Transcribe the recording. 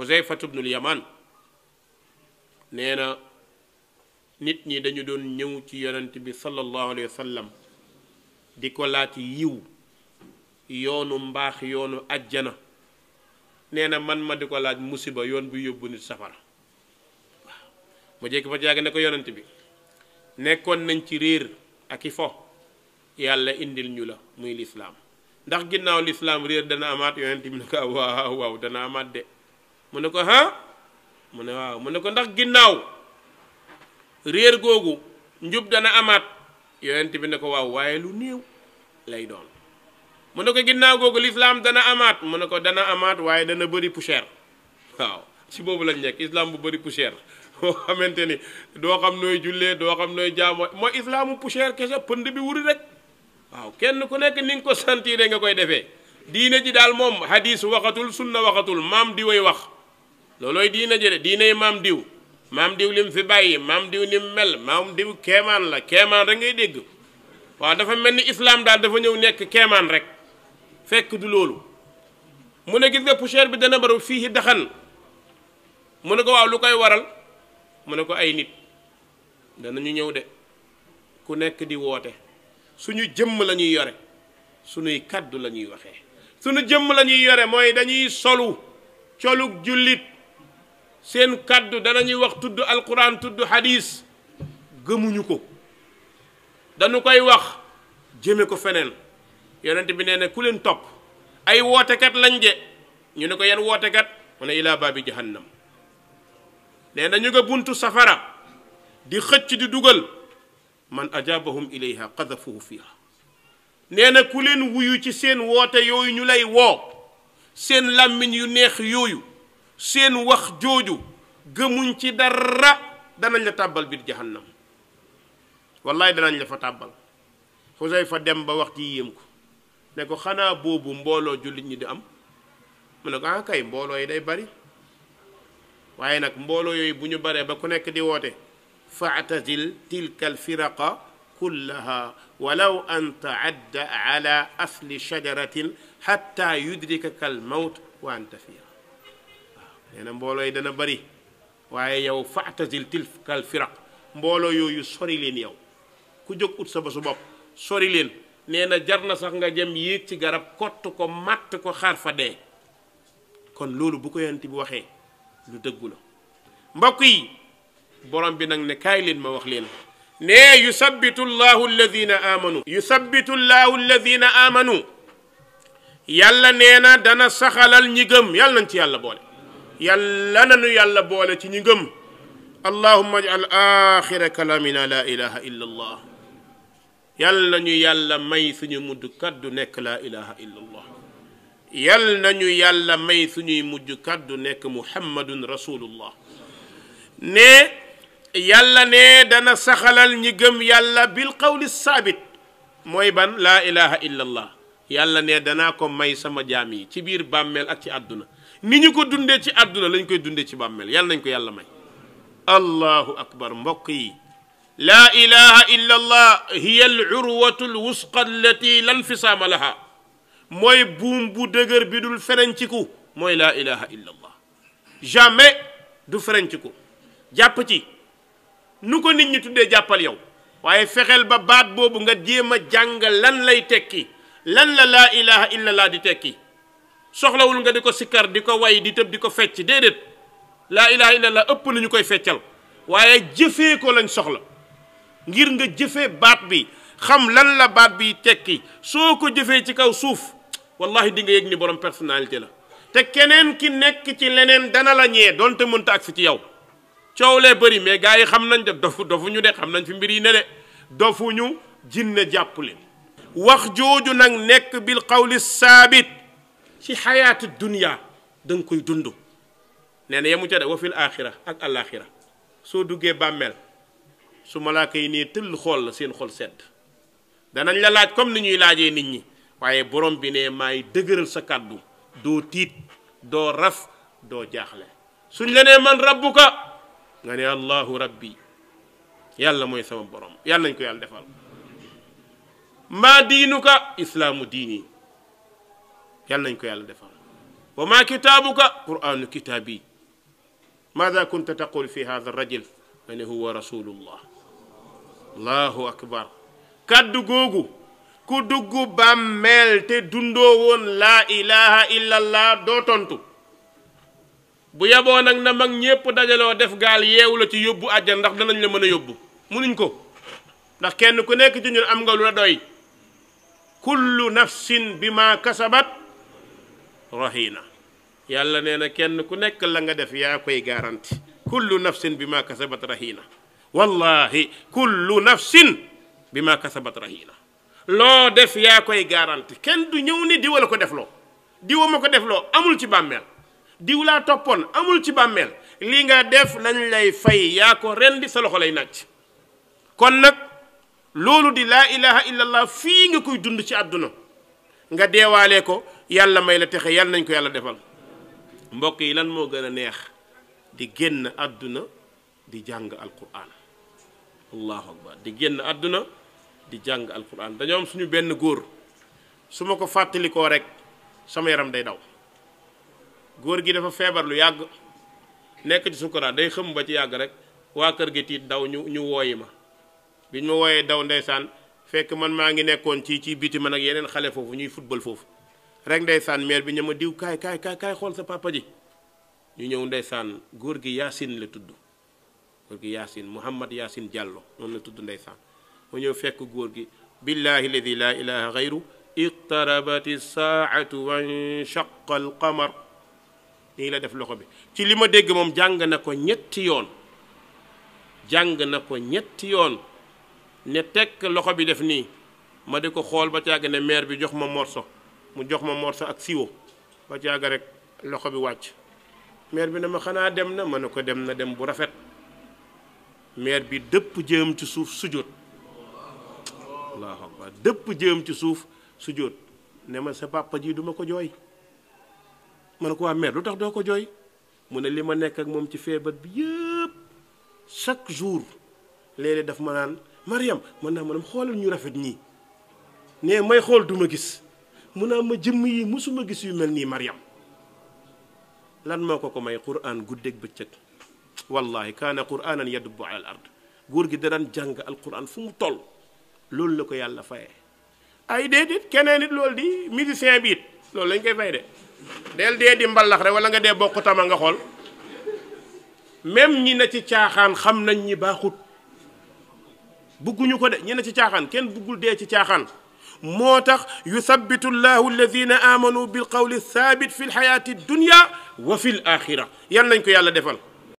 Xuzayfatu bnul Yamaan nee na nit ñi dañu doon ñëw ci yonent bi sallallahu alayhi wa sallam di ko laaj yiw yoonu mbaax yoonu ajjana nee na man ma di ko laaj musiba yoon bu yóbbu nit safara waaw ma jékki fa jàgg ne ko yonent bi nekkoon nañ ci réer ak i fo yàlla indil ñu la muy lislaam ndax ginnaaw lislaam réer dana amaat yonent bi ne ko waaw waaw dana amaat de mu ne ko ha mu ne waaw mu ne ko ndax ginnaaw réer googu njub dana amaat yonent bi ne ko waaw waaye lu néew lay doon mu ne ko ginnaaw googu lislaam dana amaat mu ne ko dana amaat waaye dana bëri poussière waaw ci boobu lañ nekk islam bu bëri poussière boo xamante ni doo xam nooy jullee doo xam nooy jaamoo mooy islaamu poussière kese pënd bi wuri rek waaw kenn ku nekk ni nga ko sentir nga koy defee diine ji daal moom hadis waxatul sunna waxatul maam di way wax loolooy diina jële diinay maam diw maam diw lim fi bàyyi maam diw lim mel maam diw keemaan la keemaan rek ngay dégg waaw dafa mel ni islaam daal dafa ñëw nekk keemaan rek fekk du loolu mu ne gis nga poussière bi dana baru fii daxan mu ne ko waaw lu koy waral mu ne ko ay nit dana ñu ñëw de ku nekk di woote suñu jëmm lañuy ñuy yore suñuy kàddu la ñuy waxee suñu jëmm lañuy yore mooy dañuy solu colug jullit seen kàddu danañuy wax tudd alquran tudd hadis gëmuñu ko dañu koy wax jëme ko feneen yonent bi nee na ku leen topp ay wootekat lañ de ñu ne ko yan wootekat mu ne ilaa baabi jahannam nee na ñu nga buntu safara di xëcc di dugal man ajaabahum ilayha qadafuhu fiha nee na ku leen wuyu ci seen woote yooyu ñu lay woo seen làmmiñ yu neex yooyu seen wax jooju gëmuñ ci dara danañ la tàbbal biir jahannam wallaay danañ la fa tàbbal Xusayfa dem ba wax ci yéem ko ne ko xanaa boobu mbooloo jullit ñi di am mu ne ko ah kay mbooloo yi day bari waaye nag mbooloo yooyu bu ñu baree ba ku nekk di woote faatazil tilka alfiraqa kullaha walaw an taadda ala asli shajaratin xatta yudrikaka almawt wa anta fiha nee na mbooloo yi dana bari waaye yow fa'tazil tilkal firaq mbooloo yooyu sori leen yow ku jóg ut sa ba su bopp sori leen nee na jar na sax nga jëm yéeg ci garab kott ko matt ko xaar fa dee kon loolu bu ko yonent bi waxee lu dëggu la mbokk yi borom bi nag ne kaay leen ma wax leen nee yusabbitu llahu alladina amanu yusabbitu llahu alladina amanu yàlla nee na dana saxalal ñi gëm yàlla nañ ci yàlla boole يلا نانو يلا بولا تي اللهم اجعل اخر كلامنا لا اله الا الله يلا نيو يلا ماي سونو مود كادو نيك لا اله الا الله يلا نيو يلا ماي سونو مود كادو نيك محمد رسول الله ني يلا ني دانا سخلال نيغم يلا بالقول الثابت موي بان لا اله الا الله يلا ني دانا كو ماي سما جامي تي بير بامل ادنا ni ñu ko dundee ci àdduna lañ koy dundee ci bàmmeel yàlla nañ ko yàlla may allahu akbar mbokk yi la ilaha illa allah hiya al urwatu al wusqa allati la nfisama laha mooy buum bu dëgër bi dul ferencciku mooy la ilaha illa allah jamais du ferencciku jàpp ci nu ko nit ñi tuddee jàppal yow waaye fexel ba baat boobu nga jéem a jàng lan lay tekki lan la la ilaha illa allah di tekki soxlawul nga di ko sikkar di ko way di tëb di ko fecc déedéet laa ilaha illallah ëpp nañu koy feccal waaye jëfee ko lañ soxla ngir nga jëfee baat bi xam lan la baat bi tekki soo ko jëfee ci kaw suuf wallahi di nga yëg ni borom personnalité la te keneen ki nekk ci leneen dana la ñee doonte mënta ak si ci yow coow lee bëri mais gars yi xam nañ de dofu dofu ñu de xam nañ fi mbir yi ne de dofu ñu jinne jàpp leen wax jooju nag nekk bil qawli sabit ci xayaatu dunya da nga koy dund nee na yemu ca de wa fil axira ak al'axira soo duggee bàmmeel su malaaka yi nee tëll xool la seen xol sedd danañ la laaj comme ni ñuy laajee nit ñi waaye borom bi ne maay dëgëral sa kàddu doo tiit doo raf doo jaaxle suñ la nee man rabbuka nga ne allahu rabbi yàlla mooy sama borom yàlla nañ ko yàlla defal maa diinuka islaamu diini yàlla nañ ko yàlla defal wa ma kitaabuka quranu kitaabi maada kunta taqul fi hada rajul ma ne huwa rasulullah allahu akbar kàddu googu ku dugg bàmmeel te dundoo woon laa ilaha illallah doo tontu bu yaboo nag na mag ñépp dajaloo def gaal yeewu la ci yóbbu àjjan ndax danañ la mën a yóbbu munuñ ko ndax kenn ku nekk ci ñun am nga lu la doy kullu nafsin bima kasabat rahina yàlla nee na kenn ku nekk la nga def yaa koy garanti kullu nafsin bi ma kasabat rahina wallahi kullu nafsin bi ma kasabat rahina loo def yaa koy garanti kenn du ñëw ni diwa la ko defloo diwa ma ko defloo amul ci bàmmeel diw laa toppoon amul ci bàmmeel li nga def lañu lay fay yaa ko rendi sa loxo lay nàcc kon nag loolu di laa ilaha illallah fii nga koy dund ci àdduna nga deewaalee ko yàlla may la texe yàlla nañ ko yàlla defal mbokk yi lan moo gën a neex di génn àdduna di jàng alquran allahu akbar di génn àdduna di jàng alquran dañoo am suñu benn góor su ma ko fàttalikoo rek sama yaram day daw góor gi dafa feebar lu yàgg nekk ci sukkuraan day xëm ba ci yàgg rek waa kër gi tiit daw ñu ñu wooyi ma biñ ma wooyee daw ndeysaan fekk man maa ngi nekkoon ci ci biti man ak yeneen xale foofu ñuy futbal foofu rek ndeysaan meer bi ña ma diw kaay kaay kaay kaay xool sa papa ji ñu ñëw ndeysaan góor gi yaasin la tudd góor gi yaasin Mouhamad Yaasin Diallo noonu la tudd ndeysaan mu ñëw fekk góor gi billahi alladi laa ilaha gayru iqtarabati saatu wanshaqa alqamar nii la def loxo bi ci li ma dégg moom jàng na ko ñetti yoon jàng na ko ñetti yoon ne tekk loxo bi def nii ma di ko xool ba càgg ne meer bi jox ma morso mu jox ma morso ak siwo ba jaaga rek loxo bi wàcc maire bi ne ma xanaa dem na ma ne ko dem na dem bu rafet maire bi dëpp jëm ci suuf sujjóot allahu akbar dëpp jëm ci suuf ne ma sa papa ji duma ko joy ma ne ko wa maire lu do ko joy mu ne li ma nekk ak moom ci feebar bi yépp chaque jour léeg daf ma naan mariam man naa ma xoolal ñu rafet ñii ne may xool duma gis mu naa ma jëmm yi mosuma gis yu mel nii Mariam lan moo ko ko may quraan guddeeg bëccëg wallahi kaana quraanan yadubbu ala al ard góor gi da daan jàng alquran fu mu toll loolu la ko yàlla fayee ay déedéet keneen it loolu di musicien bi it loolu lañ koy fay de del dee di mbalax rek wala nga dee bokk a nga xool même ñi ne ci caaxaan xam nañ ñi baaxut bugguñu ko de ñi na ci caaxaan kenn buggul dee ci caaxaan موتخ يثبت الله الذين آمنوا بالقول الثابت في الحياة الدنيا وفي الآخرة يلا نكو يلا دفل